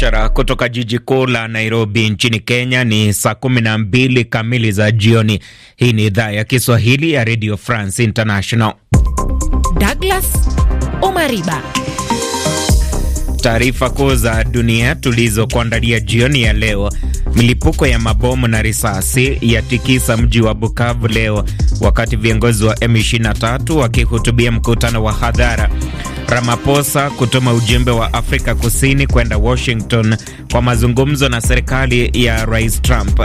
mubashara kutoka jiji kuu la Nairobi nchini Kenya. Ni saa kumi na mbili kamili za jioni. Hii ni idhaa ya Kiswahili ya Radio France International. Douglas Omariba, taarifa kuu za dunia tulizokuandalia jioni ya leo. Milipuko ya mabomu na risasi yatikisa mji wa Bukavu leo wakati viongozi wa M23 wakihutubia mkutano wa hadhara Ramaphosa kutuma ujumbe wa Afrika Kusini kwenda Washington kwa mazungumzo na serikali ya Rais Trump,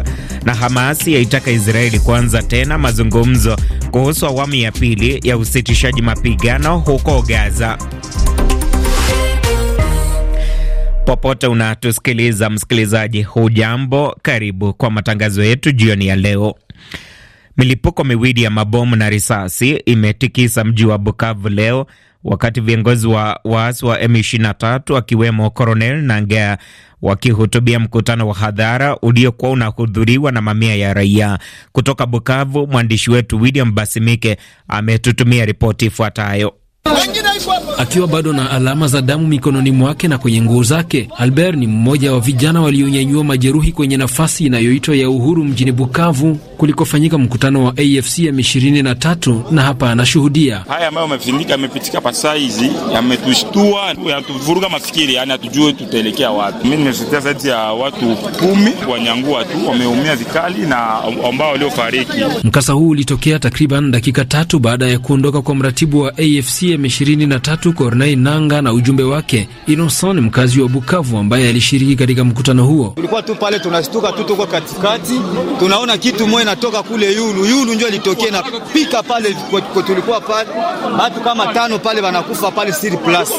na Hamasi yaitaka Israeli kuanza tena mazungumzo kuhusu awamu ya pili ya usitishaji mapigano huko Gaza. Popote unatusikiliza msikilizaji, hujambo? Karibu kwa matangazo yetu jioni ya leo. Milipuko miwili ya mabomu na risasi imetikisa mji wa Bukavu leo wakati viongozi wa waasi wa M23 akiwemo Coronel Nangea wakihutubia mkutano wa hadhara uliokuwa unahudhuriwa na mamia ya raia. Kutoka Bukavu, mwandishi wetu William Basimike ametutumia ripoti ifuatayo. Akiwa bado na alama za damu mikononi mwake na kwenye nguo zake, Albert ni mmoja wa vijana walionyanyua majeruhi kwenye nafasi inayoitwa ya uhuru mjini Bukavu kulikofanyika mkutano wa AFC ya ishirini na tatu, na hapa anashuhudia haya ambayo amefindika amepitika pasaizi, yametushtua yanatuvuruga mafikiri, yani hatujue tutaelekea wapi. Mi nimesitia zaidi ya watu kumi wanyangua tu wameumia vikali na ambao waliofariki. Mkasa huu ulitokea takriban dakika tatu baada ya kuondoka kwa mratibu wa AFC ya ishirini 13 Corneille Nanga na ujumbe wake Innocent, mkazi wa Bukavu ambaye alishiriki katika mkutano huo. Tulikuwa tu pale tunashtuka tu, tuko katikati, tunaona kitu moja inatoka kule yulu yulu, ndio ilitokea na pika pale, kwa, tulikuwa pale watu kama tano pale wanakufa pale siri plus.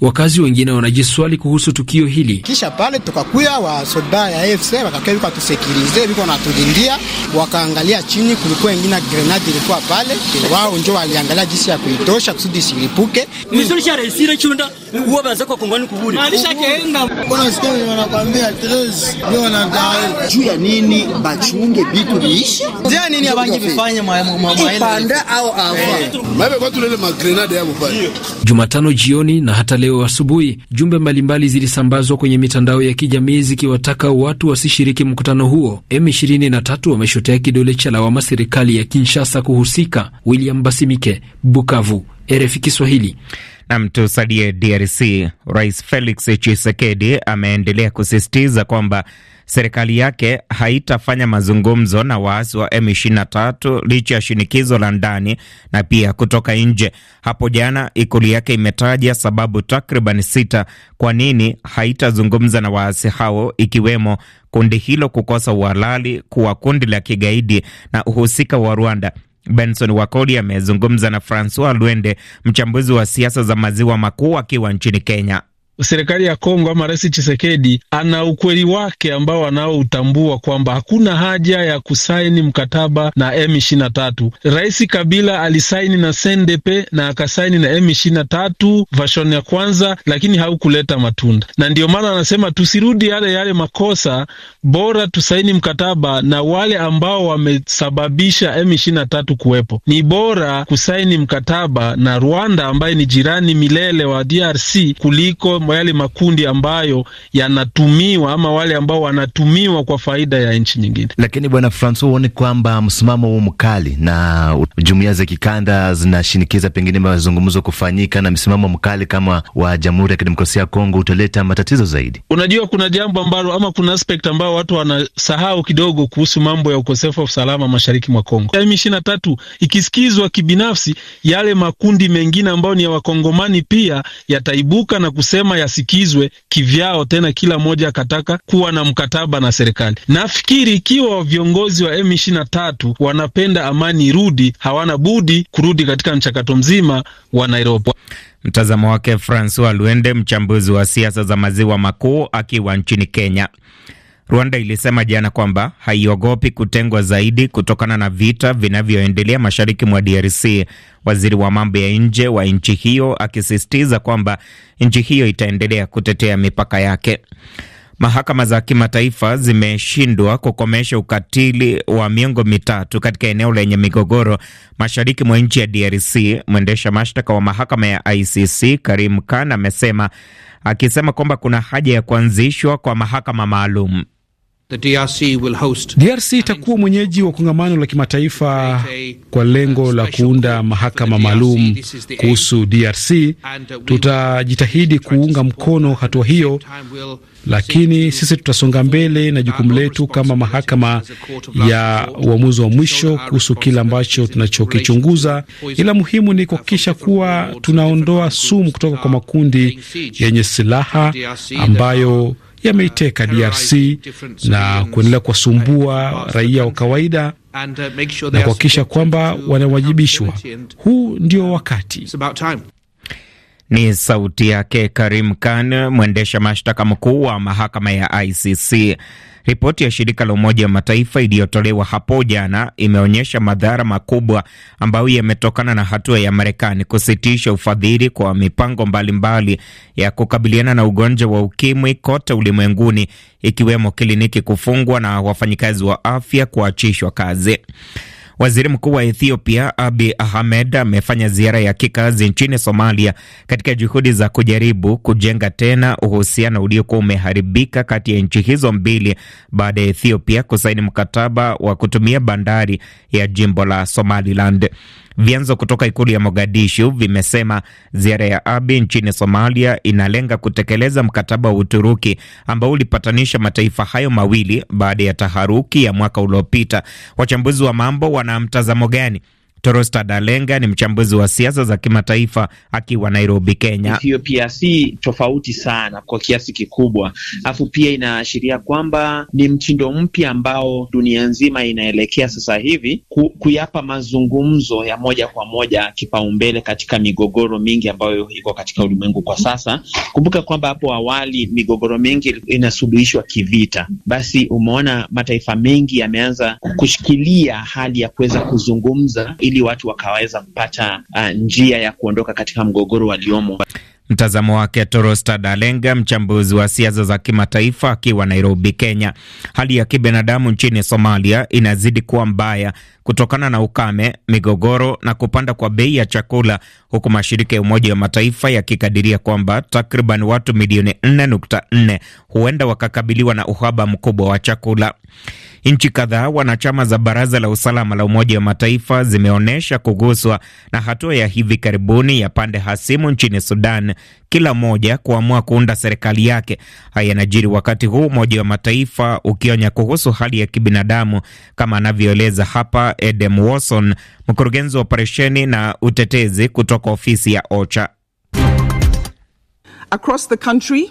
Wakazi wengine wanajiswali kuhusu tukio hili. Kisha pale tukakuya wa soda ya FC wakakaa tusekirize, biko yuko natulindia, wakaangalia chini, kulikuwa wengine grenade ilikuwa pale, wao ndio waliangalia jinsi ya kuitosha kusudi isilipuke chunda huwa baza kwa kuburi. sikia tres wanadai. Juu ya nini bachunge bitu nini abangi au eh. Mabe kwa tulele hapo pale. Jumatano jioni na hata leo asubuhi, jumbe mbalimbali zilisambazwa kwenye mitandao ya kijamii zikiwataka watu wasishiriki mkutano huo. M23 wameshotea kidole cha lawama serikali ya Kinshasa kuhusika. William Basimike, Bukavu. RFI Kiswahili. Nam, tusalie DRC. Rais Felix Tshisekedi ameendelea kusisitiza kwamba serikali yake haitafanya mazungumzo na waasi wa M23 licha ya shinikizo la ndani na pia kutoka nje. Hapo jana ikulu yake imetaja sababu takriban sita kwa nini haitazungumza na waasi hao, ikiwemo kundi hilo kukosa uhalali kuwa kundi la kigaidi na uhusika wa Rwanda. Benson Wakoli amezungumza na Francois Lwende, mchambuzi wa siasa za maziwa makuu akiwa nchini Kenya serikali ya Kongo ama Rais Chisekedi ana ukweli wake ambao anaoutambua kwamba hakuna haja ya kusaini mkataba na M23. Rais Kabila alisaini na CNDP na akasaini na M23 version ya kwanza, lakini haukuleta matunda, na ndiyo maana anasema tusirudi yale yale makosa, bora tusaini mkataba na wale ambao wamesababisha M23 kuwepo. Ni bora kusaini mkataba na Rwanda ambaye ni jirani milele wa DRC kuliko yale makundi ambayo yanatumiwa ama wale ambao wanatumiwa kwa faida ya nchi nyingine. Lakini bwana Francois, huoni kwamba msimamo huu mkali na jumuiya za kikanda zinashinikiza pengine mazungumzo kufanyika na msimamo mkali kama wa Jamhuri ya Kidemokrasia ya Kongo utaleta matatizo zaidi? Unajua, kuna jambo ambalo ama kuna aspect ambayo watu wanasahau kidogo kuhusu mambo ya ukosefu wa usalama mashariki mwa Kongo. M ishirini na tatu ikisikizwa kibinafsi, yale makundi mengine ambayo ni ya wakongomani pia yataibuka na kusema yasikizwe kivyao, tena kila mmoja akataka kuwa na mkataba na serikali. Nafikiri ikiwa viongozi wa M23 wanapenda amani irudi, hawana budi kurudi katika mchakato mzima wa Nairobi. Mtazamo wake Francois Luende, mchambuzi wa siasa za maziwa makuu akiwa nchini Kenya. Rwanda ilisema jana kwamba haiogopi kutengwa zaidi kutokana na vita vinavyoendelea mashariki mwa DRC, waziri wa mambo ya nje wa nchi hiyo akisisitiza kwamba nchi hiyo itaendelea kutetea mipaka yake. Mahakama za kimataifa zimeshindwa kukomesha ukatili wa miongo mitatu katika eneo lenye migogoro mashariki mwa nchi ya DRC, mwendesha mashtaka wa mahakama ya ICC Karim Khan amesema, akisema kwamba kuna haja ya kuanzishwa kwa mahakama maalum. The DRC will host... DRC itakuwa mwenyeji wa kongamano la kimataifa kwa lengo la kuunda mahakama maalum kuhusu DRC. Tutajitahidi kuunga mkono hatua hiyo, lakini sisi tutasonga mbele na jukumu letu kama mahakama ya uamuzi wa mwisho kuhusu kile ambacho tunachokichunguza, ila muhimu ni kuhakikisha kuwa tunaondoa sumu kutoka kwa makundi yenye silaha ambayo yameiteka uh, DRC na kuendelea kuwasumbua raia wa kawaida uh, na kuhakikisha kwamba wanawajibishwa. Huu ndio wakati. Ni sauti yake Karim Khan, mwendesha mashtaka mkuu wa mahakama ya ICC. Ripoti ya shirika la Umoja wa Mataifa iliyotolewa hapo jana imeonyesha madhara makubwa ambayo yametokana na hatua ya Marekani kusitisha ufadhili kwa mipango mbalimbali mbali ya kukabiliana na ugonjwa wa ukimwi kote ulimwenguni, ikiwemo kliniki kufungwa na wafanyikazi wa afya kuachishwa kazi. Waziri mkuu wa Ethiopia Abi Ahmed amefanya ziara ya kikazi nchini Somalia katika juhudi za kujaribu kujenga tena uhusiano uliokuwa umeharibika kati ya nchi hizo mbili baada ya Ethiopia kusaini mkataba wa kutumia bandari ya jimbo la Somaliland. Vyanzo kutoka ikulu ya Mogadishu vimesema ziara ya Abi nchini Somalia inalenga kutekeleza mkataba wa Uturuki ambao ulipatanisha mataifa hayo mawili baada ya taharuki ya mwaka uliopita. Wachambuzi wa mambo wana mtazamo gani? Torosta Dalenga ni mchambuzi wa siasa za kimataifa akiwa Nairobi, Kenya. Ethiopia si tofauti sana kwa kiasi kikubwa, alafu pia inaashiria kwamba ni mtindo mpya ambao dunia nzima inaelekea sasa hivi ku, kuyapa mazungumzo ya moja kwa moja kipaumbele katika migogoro mingi ambayo iko katika ulimwengu kwa sasa. Kumbuka kwamba hapo awali migogoro mingi inasuluhishwa kivita, basi umeona mataifa mengi yameanza kushikilia hali ya kuweza kuzungumza ili watu wakaweza kupata uh, njia ya kuondoka katika mgogoro waliomo. Mtazamo wake torosta dalenga mchambuzi wa siasa za kimataifa akiwa Nairobi, Kenya. Hali ya kibinadamu nchini Somalia inazidi kuwa mbaya kutokana na ukame, migogoro na kupanda kwa bei ya chakula, huku mashirika ya Umoja wa Mataifa yakikadiria kwamba takriban watu milioni 4.4 huenda wakakabiliwa na uhaba mkubwa wa chakula. Nchi kadhaa wanachama za Baraza la Usalama la Umoja wa Mataifa zimeonyesha kuguswa na hatua ya hivi karibuni ya pande hasimu nchini Sudan, kila moja kuamua kuunda serikali yake. Haya yanajiri wakati huu Umoja wa Mataifa ukionya kuhusu hali ya kibinadamu, kama anavyoeleza hapa Edem Wason, mkurugenzi wa operesheni na utetezi kutoka ofisi ya OCHA. Across the country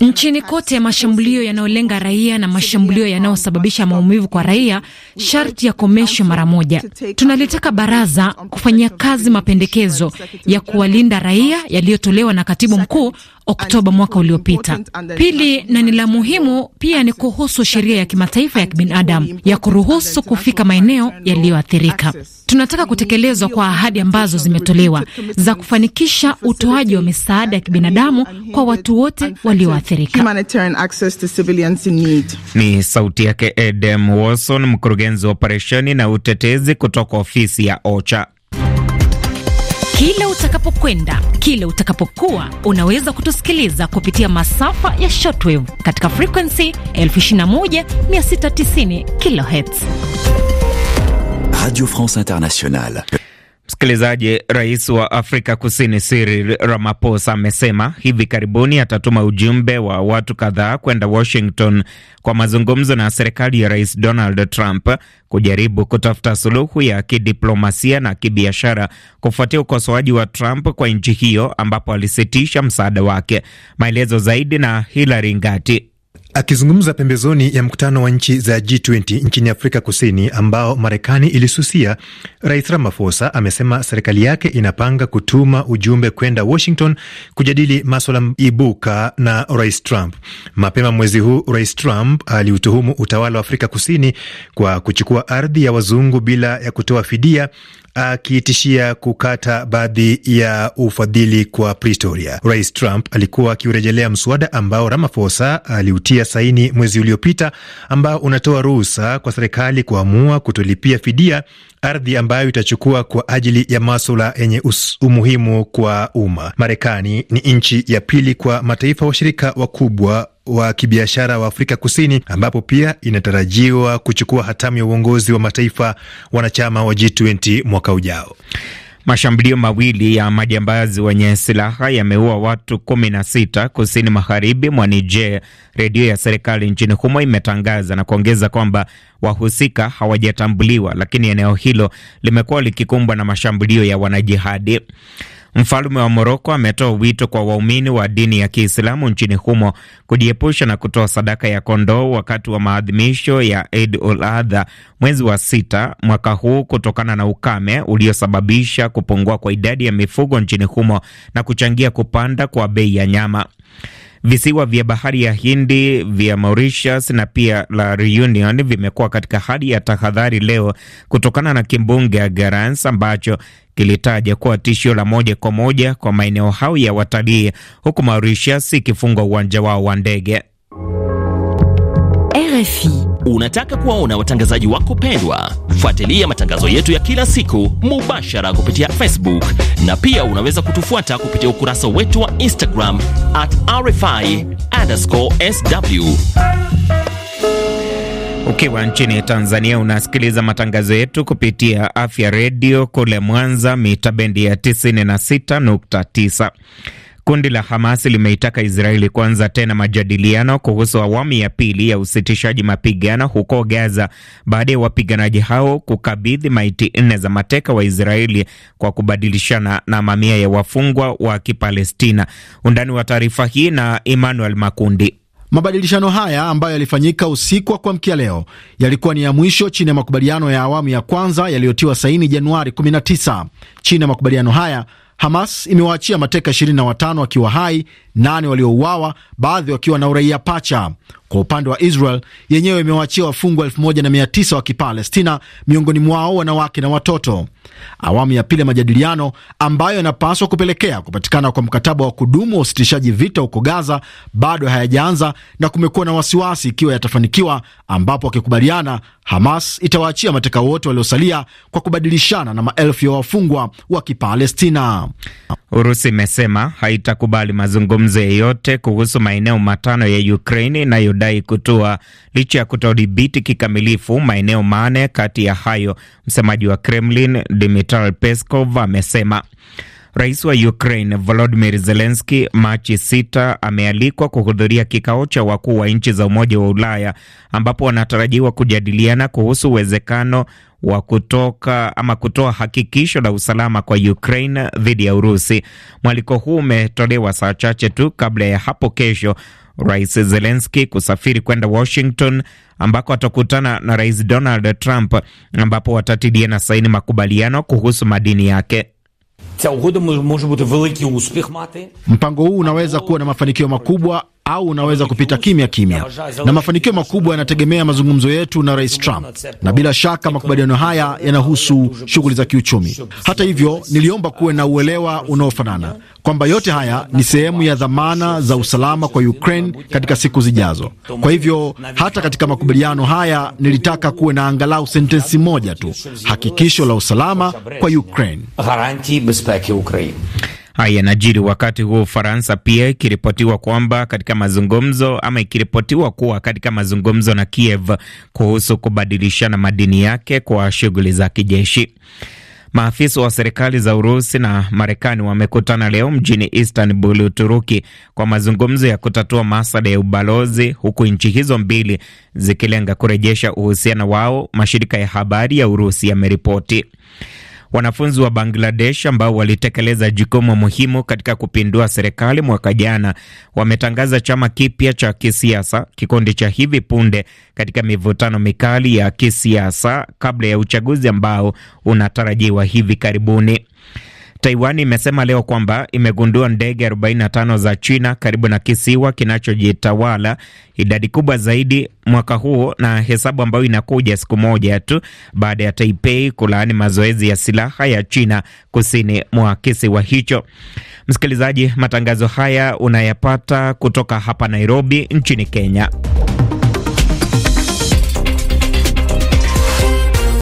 Nchini kote mashambulio yanayolenga raia na mashambulio yanayosababisha maumivu kwa raia sharti yakomeshwe mara moja. Tunalitaka baraza kufanyia kazi mapendekezo ya kuwalinda raia yaliyotolewa na katibu mkuu Oktoba mwaka uliopita. Pili, na ni la muhimu pia, ni kuhusu sheria ya kimataifa ya kibinadamu ya kuruhusu kufika maeneo yaliyoathirika. Tunataka kutekelezwa kwa ahadi ambazo zimetolewa za kufanikisha utoaji wa misaada ya kibinadamu kwa watu wote walioathirika. Ni sauti yake Edem Wilson, mkurugenzi wa operesheni na utetezi kutoka ofisi ya OCHA. Kila utakapokwenda, kila utakapokuwa, unaweza kutusikiliza kupitia masafa ya shortwave katika frequency 21690 kHz. Radio France Internationale. Msikilizaji, rais wa Afrika Kusini Cyril Ramaphosa amesema hivi karibuni atatuma ujumbe wa watu kadhaa kwenda Washington kwa mazungumzo na serikali ya rais Donald Trump kujaribu kutafuta suluhu ya kidiplomasia na kibiashara kufuatia ukosoaji wa Trump kwa nchi hiyo ambapo alisitisha msaada wake. Maelezo zaidi na Hilary Ngati. Akizungumza pembezoni ya mkutano wa nchi za G20 nchini Afrika Kusini ambao Marekani ilisusia, Rais Ramaphosa amesema serikali yake inapanga kutuma ujumbe kwenda Washington kujadili maswala ibuka na Rais Trump. Mapema mwezi huu, Rais Trump aliutuhumu utawala wa Afrika Kusini kwa kuchukua ardhi ya wazungu bila ya kutoa fidia, akitishia kukata baadhi ya ufadhili kwa Pretoria. Rais Trump alikuwa akiurejelea mswada ambao Ramaphosa aliutia saini mwezi uliopita, ambao unatoa ruhusa kwa serikali kuamua kutolipia fidia ardhi ambayo itachukua kwa ajili ya maswala yenye umuhimu kwa umma. Marekani ni nchi ya pili kwa mataifa washirika wakubwa wa kibiashara wa Afrika Kusini, ambapo pia inatarajiwa kuchukua hatamu ya uongozi wa mataifa wanachama wa G20 mwaka ujao. Mashambulio mawili ya majambazi wenye silaha yameua watu kumi na sita kusini magharibi mwa Niger, redio ya serikali nchini humo imetangaza na kuongeza kwamba wahusika hawajatambuliwa, lakini eneo hilo limekuwa likikumbwa na mashambulio ya wanajihadi. Mfalme wa Moroko ametoa wito kwa waumini wa dini ya Kiislamu nchini humo kujiepusha na kutoa sadaka ya kondoo wakati wa maadhimisho ya Eid ul Adha mwezi wa sita mwaka huu kutokana na ukame uliosababisha kupungua kwa idadi ya mifugo nchini humo na kuchangia kupanda kwa bei ya nyama. Visiwa vya bahari ya Hindi vya Mauritius na pia la Reunion vimekuwa katika hali ya tahadhari leo kutokana na kimbunga Garans ambacho kilitaja kuwa tishio la moja kwa moja kwa maeneo hayo ya watalii, huku Mauritius ikifungwa uwanja wao wa ndege. RFI Unataka kuwaona watangazaji wako pendwa? Fuatilia matangazo yetu ya kila siku mubashara kupitia Facebook na pia unaweza kutufuata kupitia ukurasa wetu wa Instagram at RFI underscore sw. Ukiwa okay, nchini Tanzania unasikiliza matangazo yetu kupitia Afya Redio kule Mwanza, mita bendi ya 96.9. Kundi la Hamas limeitaka Israeli kuanza tena majadiliano kuhusu awamu ya pili ya usitishaji mapigano huko Gaza baada ya wapiganaji hao kukabidhi maiti nne za mateka wa Israeli kwa kubadilishana na mamia ya wafungwa wa Kipalestina. Undani wa taarifa hii na Emmanuel Makundi. Mabadilishano haya ambayo yalifanyika usiku wa kuamkia leo yalikuwa ni ya mwisho chini ya makubaliano ya awamu ya kwanza yaliyotiwa saini Januari 19. Chini ya makubaliano haya Hamas imewaachia mateka 25 akiwa hai nane waliouawa, baadhi wakiwa na uraia pacha. Kwa upande wa Israel yenyewe imewaachia wafungwa 1900 wa Kipalestina, miongoni mwao wanawake na watoto. Awamu ya pili ya majadiliano ambayo yanapaswa kupelekea kupatikana kwa mkataba wa kudumu wa usitishaji vita huko Gaza bado hayajaanza na kumekuwa na wasiwasi ikiwa yatafanikiwa, ambapo wakikubaliana, Hamas itawaachia mateka wote waliosalia kwa kubadilishana na maelfu ya wafungwa wa Kipalestina. Urusi imesema haitakubali mazungumzo mazungumzo yeyote kuhusu maeneo matano ya Ukraini inayodai kutua licha ya kutodhibiti kikamilifu maeneo mane kati ya hayo, msemaji wa Kremlin Dmitry Peskov amesema. Rais wa Ukraine volodimir zelenski Machi sita amealikwa kuhudhuria kikao cha wakuu wa nchi za Umoja wa Ulaya ambapo wanatarajiwa kujadiliana kuhusu uwezekano wa kutoka ama kutoa hakikisho la usalama kwa Ukraine dhidi ya Urusi. Mwaliko huu umetolewa saa chache tu kabla ya hapo kesho Rais zelenski kusafiri kwenda Washington ambako atakutana na Rais Donald Trump ambapo watatilia na saini makubaliano kuhusu madini yake. Ця угода може бути великий успіх мати. Мpango huu unaweza kuwa na mafanikio makubwa au unaweza kupita kimya kimya, na mafanikio makubwa yanategemea mazungumzo yetu na Rais Trump, na bila shaka makubaliano haya yanahusu shughuli za kiuchumi. Hata hivyo, niliomba kuwe na uelewa unaofanana kwamba yote haya ni sehemu ya dhamana za usalama kwa Ukraine katika siku zijazo. Kwa hivyo, hata katika makubaliano haya nilitaka kuwe na angalau sentensi moja tu, hakikisho la usalama kwa Ukraine. Haya yanajiri wakati huo Ufaransa pia ikiripotiwa kwamba katika mazungumzo ama ikiripotiwa kuwa katika mazungumzo na Kiev kuhusu kubadilishana madini yake kwa shughuli za kijeshi. Maafisa wa serikali za Urusi na Marekani wamekutana leo mjini Istanbul, Uturuki, kwa mazungumzo ya kutatua masada ya ubalozi, huku nchi hizo mbili zikilenga kurejesha uhusiano wao, mashirika ya habari ya Urusi yameripoti. Wanafunzi wa Bangladesh ambao walitekeleza jukumu muhimu katika kupindua serikali mwaka jana wametangaza chama kipya cha kisiasa, kikundi cha hivi punde katika mivutano mikali ya kisiasa kabla ya uchaguzi ambao unatarajiwa hivi karibuni. Taiwan imesema leo kwamba imegundua ndege 45 za China karibu na kisiwa kinachojitawala, idadi kubwa zaidi mwaka huu, na hesabu ambayo inakuja siku moja tu baada ya Taipei kulaani mazoezi ya silaha ya China kusini mwa kisiwa hicho. Msikilizaji, matangazo haya unayapata kutoka hapa Nairobi nchini Kenya.